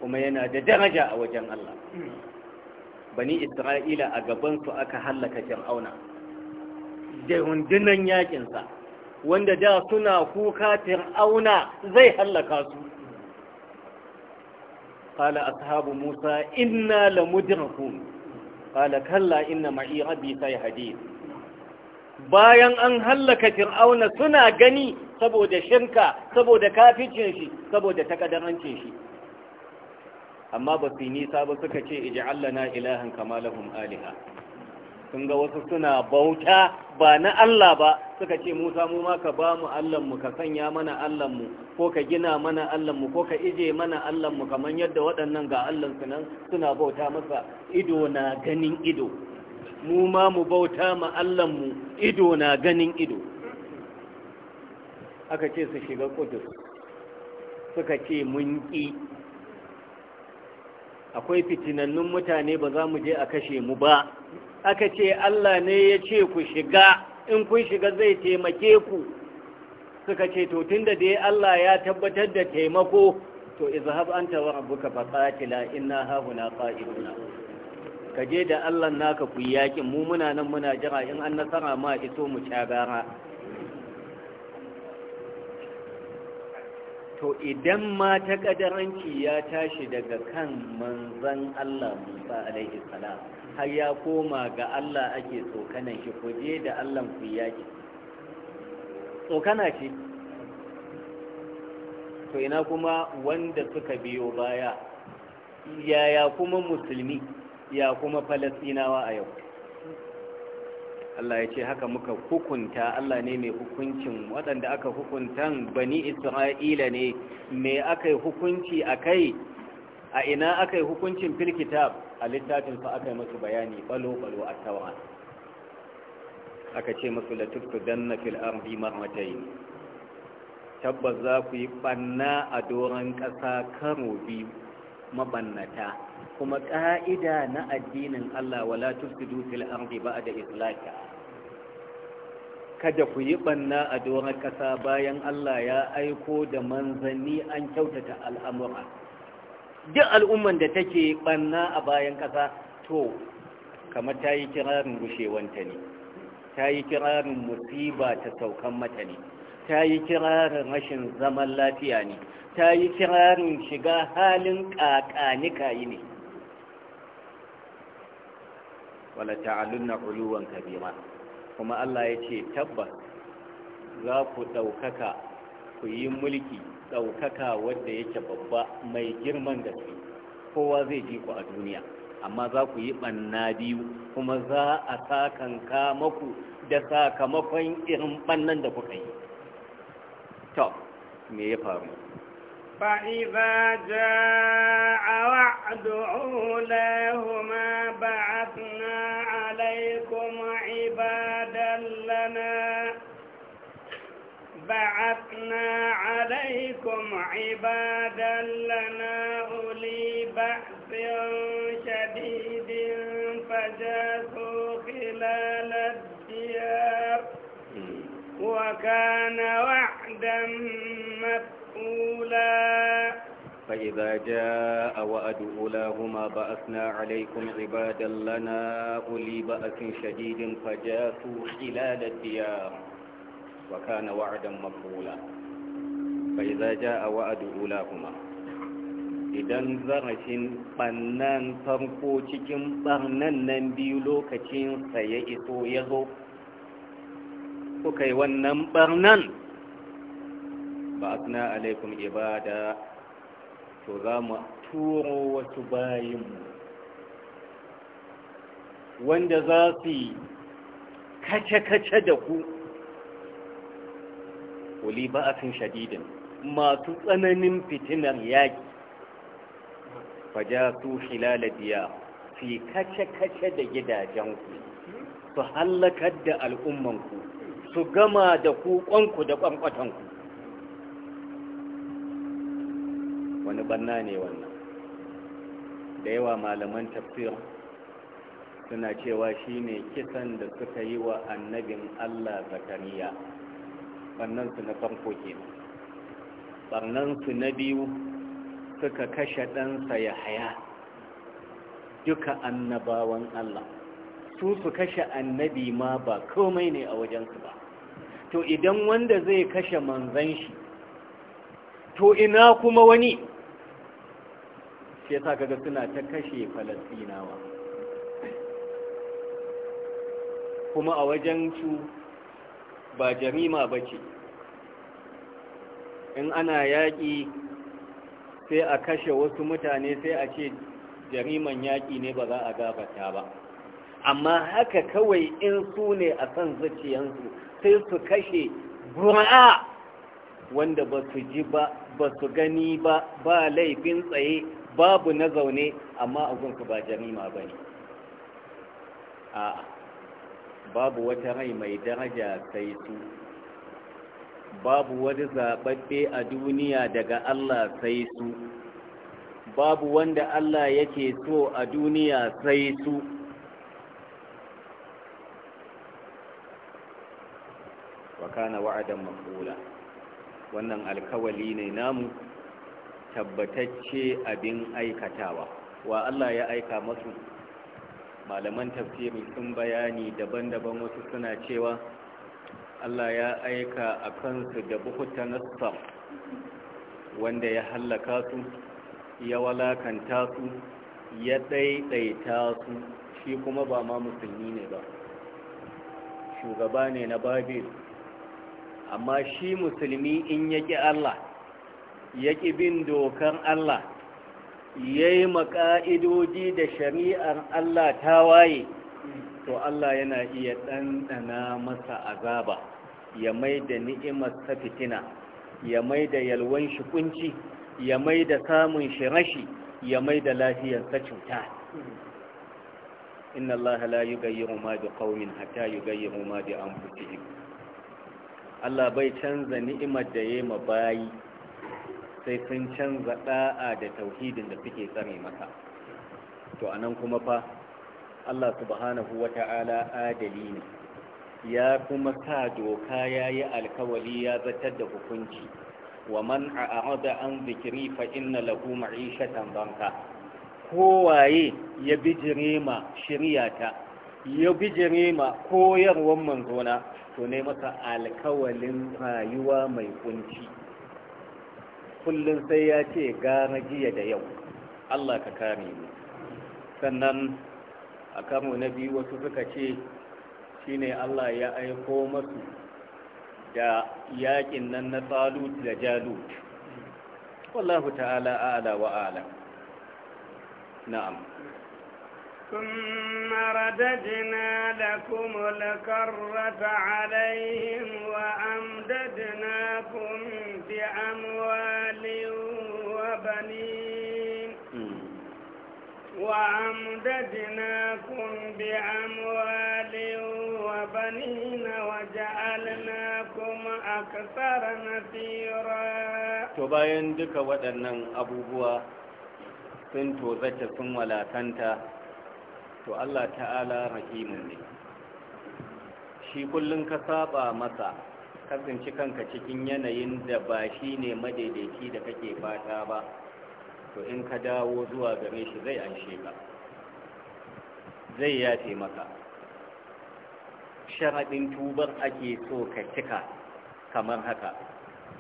Speaker 1: kuma yana da daraja a wajen Allah bani isra'ila a gabansu aka hallaka fir'auna da rundunan yakinsa wanda da suna kuka fir'auna zai hallaka su qala ashabu musa inna lamudrakun Kala kalla inna ma'i rabbi sayhadin bayan an hallaka fir'auna suna gani saboda shirka saboda kaficin shi saboda takadarancin shi amma ba su nisa ba suka ce iji ilahan kama lahum aliha sun ga wasu suna bauta ba na Allah ba suka ce Musa mu ma ka ba mu Allahnmu ka sanya mana Allahnmu ko ka gina mana Allahnmu ko ka ije mana Allahnmu kamar yadda waɗannan ga Allahnsu nan suna bauta masa ido na ganin ido mu ma mu bauta ma Allahnmu ido na ganin ido aka ce su shiga kudu suka ce mun ƙi akwai fitinannun mutane ba za mu je a kashe mu ba aka ce Allah ne ya ce ku shiga in kun shiga zai taimake ku suka ce to tunda dai Allah ya tabbatar da taimako to izhab anta wa rabbuka faqatila inna hauna qa'iduna kaje da Allah naka ku yakin mu muna nan muna jira in an nasara ma iso mu gara. to idan ma ta ƙadaranci ya tashi daga kan manzan Allah Musa alaihi salam har ya koma ga Allah ake tsokanan shi kuje da Allah ku yaki tsokana ce to ina kuma wanda suka biyo baya yaya kuma musulmi ya kuma falasinawa a yau Allah ya ce haka muka hukunta Allah ne mai hukuncin waɗanda aka hukuntan bani isra'ila ne me aka yi hukunci a kai a ina aka yi hukuncin filkitab a littafin fa aka yi masu bayani balo-balo a tawa aka ce masu latuftu don na fil'arbi marmatai tabbas za ku yi ɓanna a doron ƙasa karo biyu mabannata kuma ƙa'ida na addinin Allah wala tufsidu fil ardi da islahiha kada ku yi banna a doron ƙasa bayan Allah ya aiko da manzanni an kyautata al'amura duk al'umman da take banna a bayan ƙasa to kamar ta yi kirarin gushewanta ne ta yi kirarin musiba ta saukan mata ne ta yi kirarin rashin zaman lafiya ne ta yi kirarin shiga halin yi ne wala ta'alunna uluwan kabira kuma Allah ya ce tabbas za ku ɗaukaka ku yi mulki ɗaukaka wadda yake babba mai girman da gaske kowa zai ji ku a duniya amma za ku yi ɓanna biyu kuma za a sakanka maku da sakamakon irin ɓannan da kuka yi to me ya faru
Speaker 2: فإذا جاء وعد أولاهما بعثنا عليكم عبادا لنا بعثنا عليكم عبادا لنا أولي بأس شديد فجاسوا خلال الديار وكان وعدا تعالى
Speaker 1: فإذا جاء وأد أولاهما بأسنا عليكم عبادا لنا أولي بأس شديد فجاسوا خلال الديار وكان وعدا مقبولا فإذا جاء وأد أولاهما idan zarafin ɓannan farko cikin ɓarnan nan biyu lokacinsa ya iso ya zo kuka yi wannan ɓarnan ba na alaikum ibada to za mu turo wasu bayinmu wanda za su kace-kace da ku wuli ba a shadidin masu tsananin fitinar yaƙi faja su hilaladiya su kace-kace da gidajenku su hallakar da al'ummanku su gama da ku kwanku da kwankwatanku wani banna ne wannan da yawa malaman tafsir suna cewa shine kisan da suka yi wa annabin Allah zakariya Bannan su na farko ke Bannan su na biyu suka kashe ɗansa ya haya duka annabawan Allah su su kashe annabi ma ba komai ne a wajensu ba to idan wanda zai kashe manzan shi to ina kuma wani shi sa kaga suna ta kashe falastinawa kuma a wajen su ba jamima ba ce in ana yaƙi sai a kashe wasu mutane sai a ce jariman yaƙi ne ba za a gabata ba amma haka kawai in su ne a san zuciyansu sai su kashe bura'a wanda ba su ji ba ba su gani ba ba laifin tsaye babu na zaune amma abunka ba jarima ba ne a'a babu wata rai mai daraja sai su babu wani zaɓaɓɓe a duniya daga Allah sai su babu wanda Allah yake so a duniya sai su wa kana wa'adan maqula wannan alkawali ne namu tabbatacce abin aikatawa wa Allah ya aika masu malaman tafsiri sun bayani daban-daban wasu suna cewa Allah ya aika a kansu da bukuta nassar wanda ya hallaka su ya walakanta su ya ɗaiɗaita su shi kuma ba ma musulmi ne ba shugaba ne na babil amma shi musulmi in ya ƙi Allah ya ƙi bin dokan Allah ya yi maƙa'idodi da shari'ar Allah ta waye to Allah yana iya ɗanɗana masa azaba ya mai da ni'imar fitina ya mai da yalwan shi ya mai da samun shi rashi ya mai da lafiyarsa cuta inna Allah la yugayyiru ma bi qaumin hatta yugayyiru ma an fuce Allah bai canza ni'imar da ya ma bayi sai sun canza da'a da tauhidin da suke tsare maka to anan kuma fa Allah subhanahu wata'ala adali ne ya kuma sa doka yayi alkawali ya zartar da hukunci wa man a'ada an zikiri fa inna lahu ma'ishatan banka kowaye ya bijire ma shiryata ya bijire ma koyarwan manzona to ne masa alkawalin rayuwa mai kunci kullum sai ya ce gara jiya da yau Allah ka kare ni. sannan a kamo na biyu wasu suka ce shine Allah ya aiko masu da yakin nan na tsalu da jalut wallahu ta'ala a'la wa a'la na'am
Speaker 2: ثم رددنا لكم الكرة عليهم وأمددناكم بأموال وبنين وأمددناكم بأموال وبنين وجعلناكم أكثر نفيرا
Speaker 3: تباين
Speaker 1: دك ودنن أبو بوا sun tozata sun walatanta to Allah ta'ala rahimun ne shi kullum ka saba masa kasance kanka cikin yanayin da ba shi ne madaidaici da kake fata ba to in ka dawo zuwa game shi zai anshe ka zai yafe maka sharaɗin tubar ake so ka cika kamar haka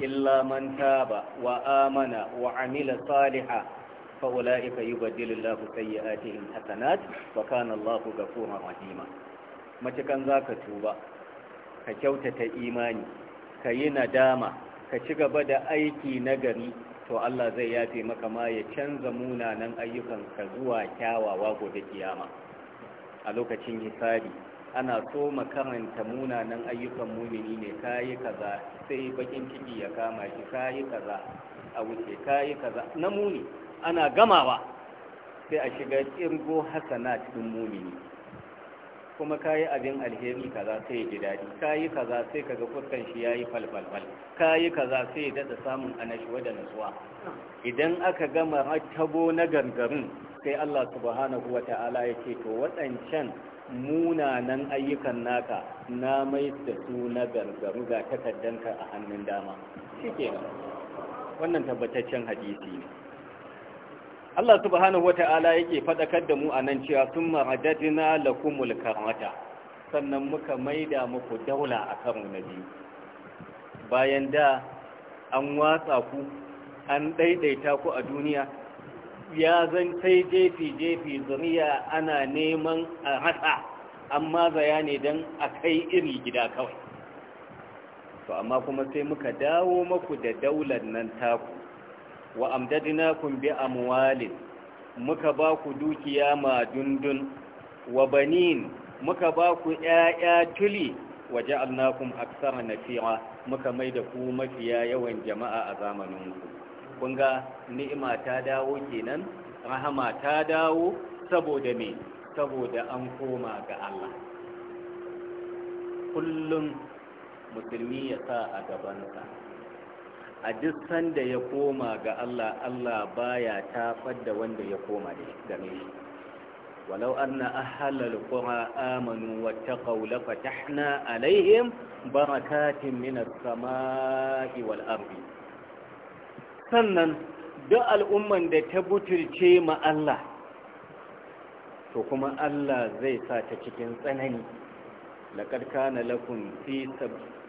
Speaker 1: illa man taba wa amana wa amila saliha fa ulaika yubaddilu Allahu sayyi'atihim hasanat wa kana Allahu ghafurur rahima za zaka tuba ka kyautata imani ka yi nadama ka ci gaba da aiki na gari, to Allah zai yafe maka ma ya canza munanan ayyukan ka zuwa kyawawa gobe kiyama a lokacin hisabi ana so makaranta munanan ayyukan mumini ne kayi kaza sai bakin ciki ya kama shi kayi kaza a wuce kayi kaza na muni ana gamawa sai a shiga kirgo hasanat din mumini kuma kayi abin alheri kaza sai ji dadi kayi kaza sai kaga fuskan shi yayi falfalfal kayi kaza sai ya dada samun anashuwa da nutsuwa idan aka gama rattabo na gangarin sai Allah subhanahu wata'ala ya ce to waɗancan munanan ayyukan naka na mai da su na gargaru ga takaddanka a hannun dama shikenan wannan tabbataccen hadisi ne Allah subhanahu wata'ala yake fadakar da mu a nan cewa sun maradadina lakumul karmata sannan muka maida muku daula a karo na biyu bayan da an watsa ku an ɗaiɗaita ku a duniya ya zan sai jefi-jefi zuriya ana neman a hasa amma zaya ne don a kai iri gida kawai to amma kuma sai muka dawo maku da daular nan taku wa amdadnakum bi amwalin muka ba ku dukiya ma dundun wa banin muka ba ku ƴaƴa tuli wa ja'alnakum aksara nafira muka mai da ku mafiya yawan jama'a a zamanin ku kun ga ni'ima ta dawo kenan rahama ta dawo saboda me saboda an koma ga Allah kullum musulmi ya sa a gabansa a duk sanda ya koma ga Allah Allah baya tafar da wanda ya koma da game shi walau anna ahlal qura amanu wattaqaw la fatahna alaihim barakatin minas samai wal ardi sannan duk al'umman da ta butulce ma Allah to kuma Allah zai sa ta cikin tsanani laqad kana lakum fi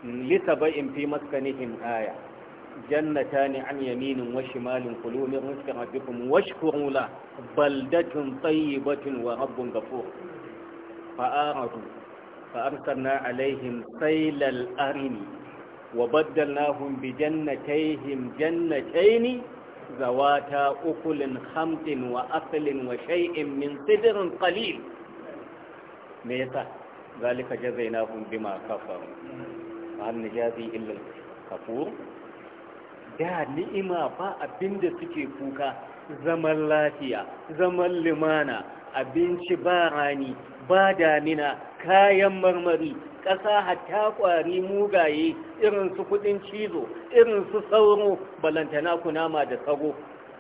Speaker 1: lisaba'in fi maskanihim aya جنتان عن يمين وشمال كلوا من رزق ربكم واشكروا له بلدة طيبة ورب غفور فآرضوا فأرسلنا عليهم سيل الأرم وبدلناهم بجنتيهم جنتين ذواتا أكل خمط وأقل وشيء من صدر قليل ميتا ذلك جزيناهم بما كفروا فهل نجازي إلا الكفور da ni'ima ba abinda suke kuka zaman lafiya zaman limana abinci ba rani ba damina kayan marmari ƙasa hatta ƙwari mugaye irin su kuɗin cizo irin su sauro balantana kunama da sago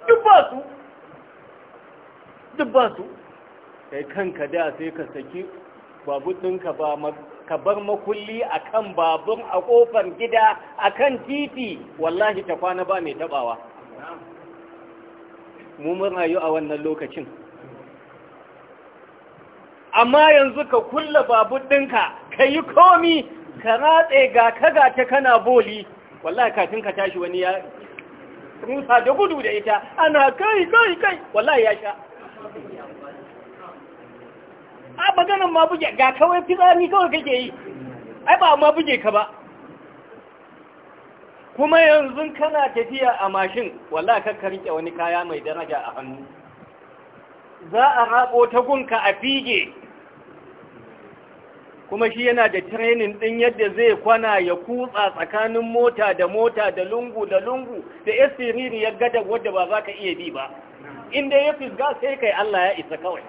Speaker 1: duk ba su duk ba su kai kanka da sai ka saki Babu ɗinka ba ka bar makulli a kan babur a ƙofar gida a kan titi wallahi ta kwana ba mai taɓawa mu mun rayu a wannan lokacin amma yanzu ka kulla babur ɗinka ka yi komi ka ratse ga ka ta kana boli wallahi kafin ka tashi wani ya rusa da gudu da ita ana kai kai kai wallahi ya sha a maganan ma buge ga kawai fitsari kawai kake yi ai ba ma buge ka ba kuma yanzu kana tafiya a mashin walla kakka rike wani kaya mai daraja a hannu za a rako ta gunka a fige kuma shi yana da training din yadda zai kwana ya kutsa tsakanin mota da mota da lungu da lungu da esiriri ya gada wadda ba za ka iya bi ba inda ya fisga sai kai Allah ya isa kawai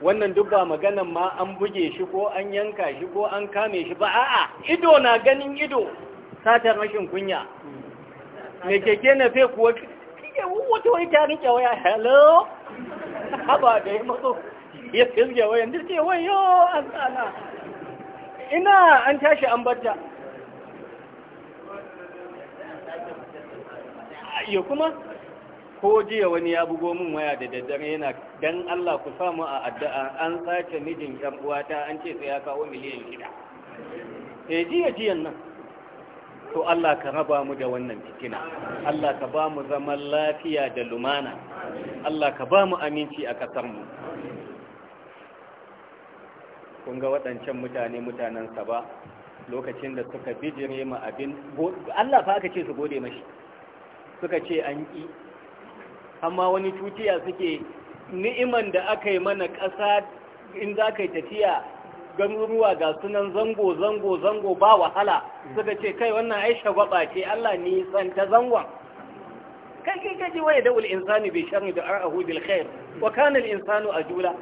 Speaker 1: wannan duk ba maganan ma an buge shi ko an yanka shi ko an kame shi ba a'a ido na ganin ido satar rashin kunya me keke na fe kuwa kike wata wai ta rike waya hello haba da ya maso ya tilge waya duk ce wayo an tsana ina an tashi an barta ya kuma ko jiya wani ya bugo min waya da daddare yana dan Allah ku samu a addu'a an sace mijin yan uwata an ce sai ya kawo miliyan shida eh jiya jiyan nan to Allah ka raba mu da wannan fitina Allah ka ba mu zaman lafiya da lumana Allah ka ba mu aminci a kasar mu kun ga waɗancan mutane mutanen sa ba lokacin da suka bijire mu abin Allah fa aka ce su gode mashi suka ce an ƙi amma wani cutiya suke ni'iman da aka yi mana ƙasa in za ka yi tafiya garuruwa ga sunan zango zango zango ba wahala suka ce kai wannan aisha gwaba ce Allah ni san ta zangon kai kai kaji waye da insani bi sharri da arahu bil khair wa kana al insanu ajula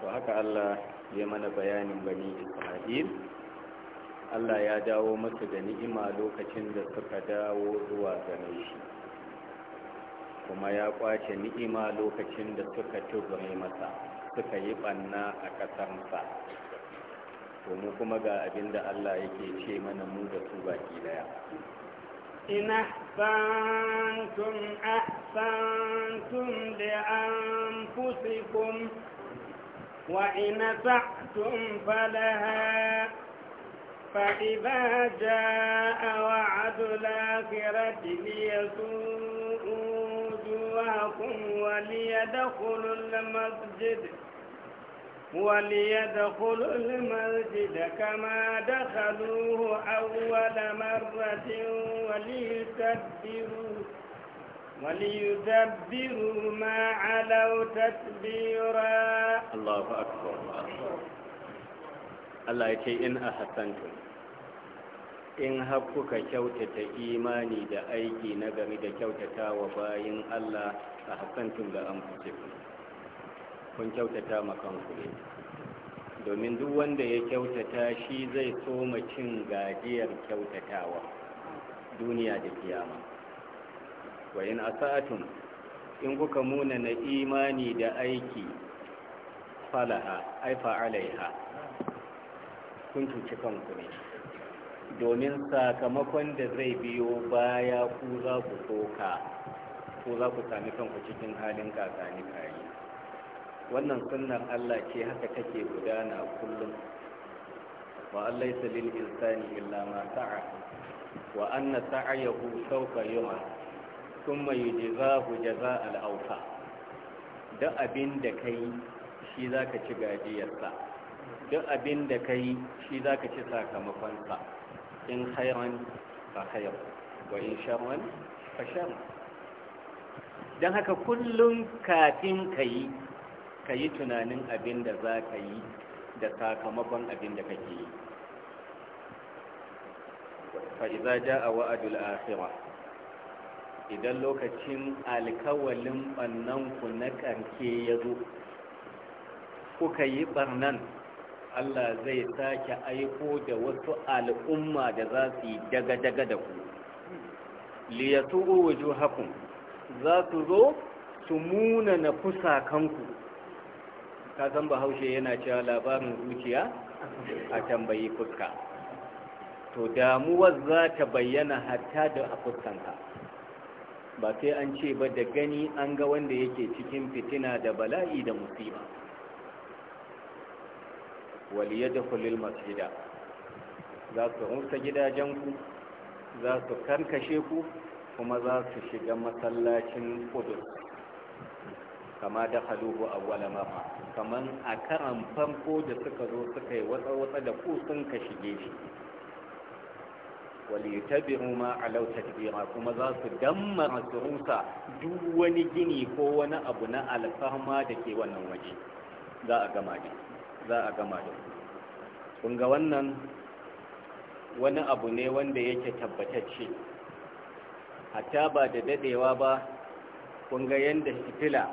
Speaker 1: to haka Allah ya mana bayanin bani Isra'il Allah ya dawo masu da ni'ima lokacin da suka dawo zuwa gane shi kuma ya kwace ni'ima lokacin da suka tubure masa suka yi banna a ƙasarsa domin kuma ga abin da Allah yake ce mana mu da su baki daya
Speaker 2: إن أحسنتم أحسنتم لأنفسكم وإن سعتم falaha فإذا جاء وعد الآخرة ليسوءوا وجوهكم وليدخلوا المسجد وليدخلوا المسجد كما دخلوه أول مرة وليتبروا وليتبروا ما علوا تتبيرا الله أكبر
Speaker 1: Allah ya ce in ahsantum in har kuka kyautata imani da aiki na gari da kyautata wa bayin Allah ahsantum da anfusikum kun kyautata makan ku ne domin duk wanda ya kyautata shi zai soma cin gajiyar kyautatawa duniya da kiyama wa in asatun in kuka muna na imani da aiki falaha ai fa'alaiha kun cuci kanku ne domin sakamakon da zai biyo baya ku za ku soka ku za ku sami kanku cikin halin kakani kayi wannan sunnar Allah ce haka take gudana kullum wa Allah ya salil insani illa ma sa'a wa anna sa'ayahu sawfa yuma thumma yujzahu al awfa da abin da kai shi zaka ci gajiyarsa duk abin da ka yi shi za ka ci sakamakonsa in hairan ba hair wa in sharon ba sharon don haka kullum kafin ka yi ka yi tunanin abin da za ka yi da sakamakon abin da kake yi fa'iza ja a wa'adul afirwa idan lokacin alkawalin ɓannanku na ƙarke ya zo kuka yi ɓarnan Allah zai sake aiko da wasu al'umma da za su yi daga-daga da ku liyaturu wujuhakum za su zo su muna na fusakanku ka san bahaushe yana cewa labarin zuciya a tambayi fuska to damuwar za ta bayyana hatta da a fuskanka ba sai an ce ba da gani an ga wanda yake cikin fitina da bala'i da musiba waliyadkhulul masjida za su rusa gidajenku za su karkashe ku kuma za su shiga masallacin qudus kama da halubu awwala marra kaman a karan farko da suka zo suka yi watsa-watsa da ku sun ka shige shi waliyutabiru ma alau tadbira kuma za su dammara su rusa duk wani gini ko wani abu na alfahma da ke wannan waje za a gama ne za a gama da kun ga wannan wani abu ne wanda yake tabbatacce hatta ba da dadewa ba kun ga yanda hitila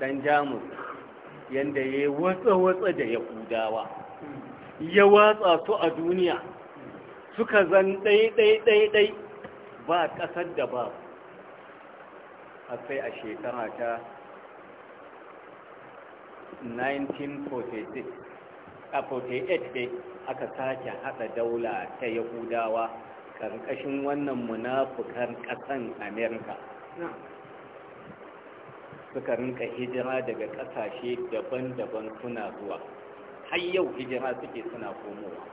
Speaker 1: dan jamus yadda ya yi watsa-watsa da ya kudawa ya watsa su a duniya suka zan ɗai-ɗai-ɗai ba ƙasar da ba a sai a shekara ta 1946 a 48 aka sake haɗa daula ta yahudawa ƙarƙashin wannan munafukan ƙasan amerika suka rinka hijira daga ƙasashe daban-daban suna zuwa har yau hijira suke suna komowa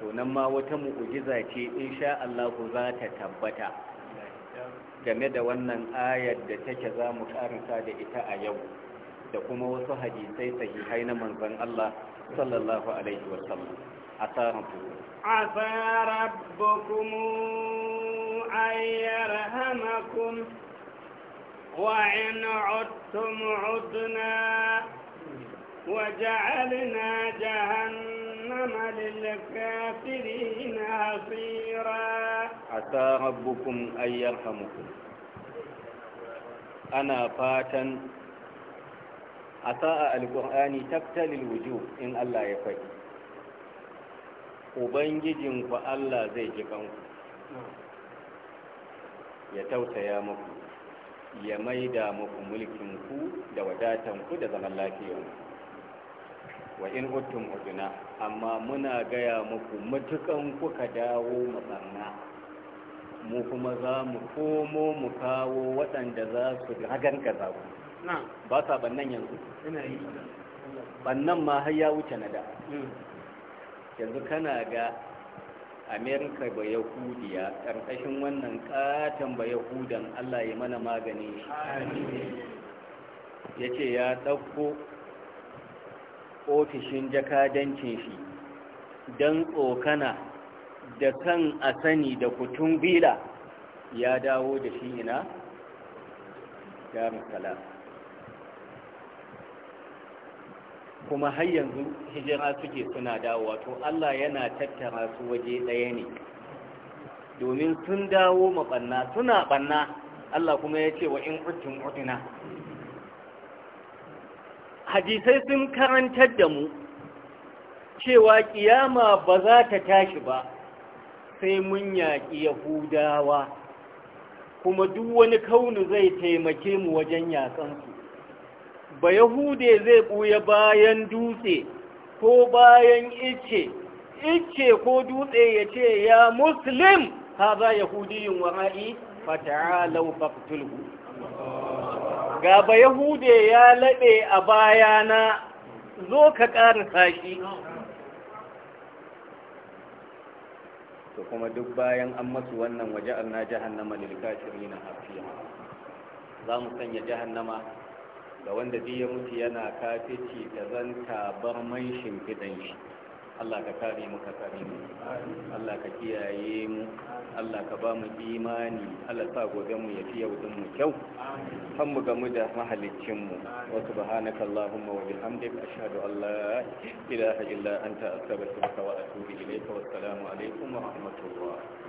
Speaker 1: to ma wata mu'ujiza ce in sha Allah za ta tabbata game da wannan ayar da take za mu karanta da ita a yau da kuma wasu hadisai sahihai na manzon Allah sallallahu alaihi wasallam asa rabbukum
Speaker 2: asa rabbukum an yarhamakum wa in udtum udna وجعلنا جهنم للكافرين حصيرا
Speaker 1: عسى ربكم أن يرحمكم ana fatan. a sa'a alƙur'ani taftalil wuju in Allah ya faɗi ubangijinku Allah zai ji kanku ya tausaya muku ya maida muku mulkinku da wadatanku da zaman lafiyanku wa in uttum hujuna. amma muna gaya muku matukan kuka dawo matsarna mu kuma za mu komo mu kawo waɗanda za su hagan za ku ba sa bannan yanzu bannan ma har ya wuce na da mm. yanzu kana ga amerika ba yahudiya ƙarƙashin wannan ƙaton ba yahudan allah ya mana magani ya ce ya ɗauko ofishin jakadancin shi don tsokana da kan a sani da kutun bila ya dawo da shi ina ya musala kuma har yanzu hijira suke suna dawo wato Allah yana tattara su waje ɗaya ne domin sun dawo maɓanna suna ɓanna Allah kuma ya ce wa in urtun urtuna hadisai sun karantar da mu cewa kiyama ba za ta tashi ba sai mun yaƙi yahudawa kuma duk wani kaunu zai taimake mu wajen yaƙansu ba yahude zai ɓuya bayan dutse ko bayan ice ice ko dutse ya ce ya muslim ha za yahudiyin waha'i fata'alau faktulhu ga ba yahude ya laɓe a bayana zo ka ƙara shi to kuma duk bayan an masu wannan waje na jahannama lil kafirina hafiya za mu sanya jihannama ga wanda duk ya mutu yana kafici da zan man shimfiɗan shi Allah ka kare mu ka kare mu Allah ka kiyaye mu Allah ka ba mu imani Allah sa gobe mu yafi yau din mu kyau kan mu gamu da mahalicin mu wa subhanaka allahumma wa bihamdika ashhadu an la ilaha illa anta astaghfiruka wa atubu ilayka wa
Speaker 3: assalamu alaikum wa rahmatullah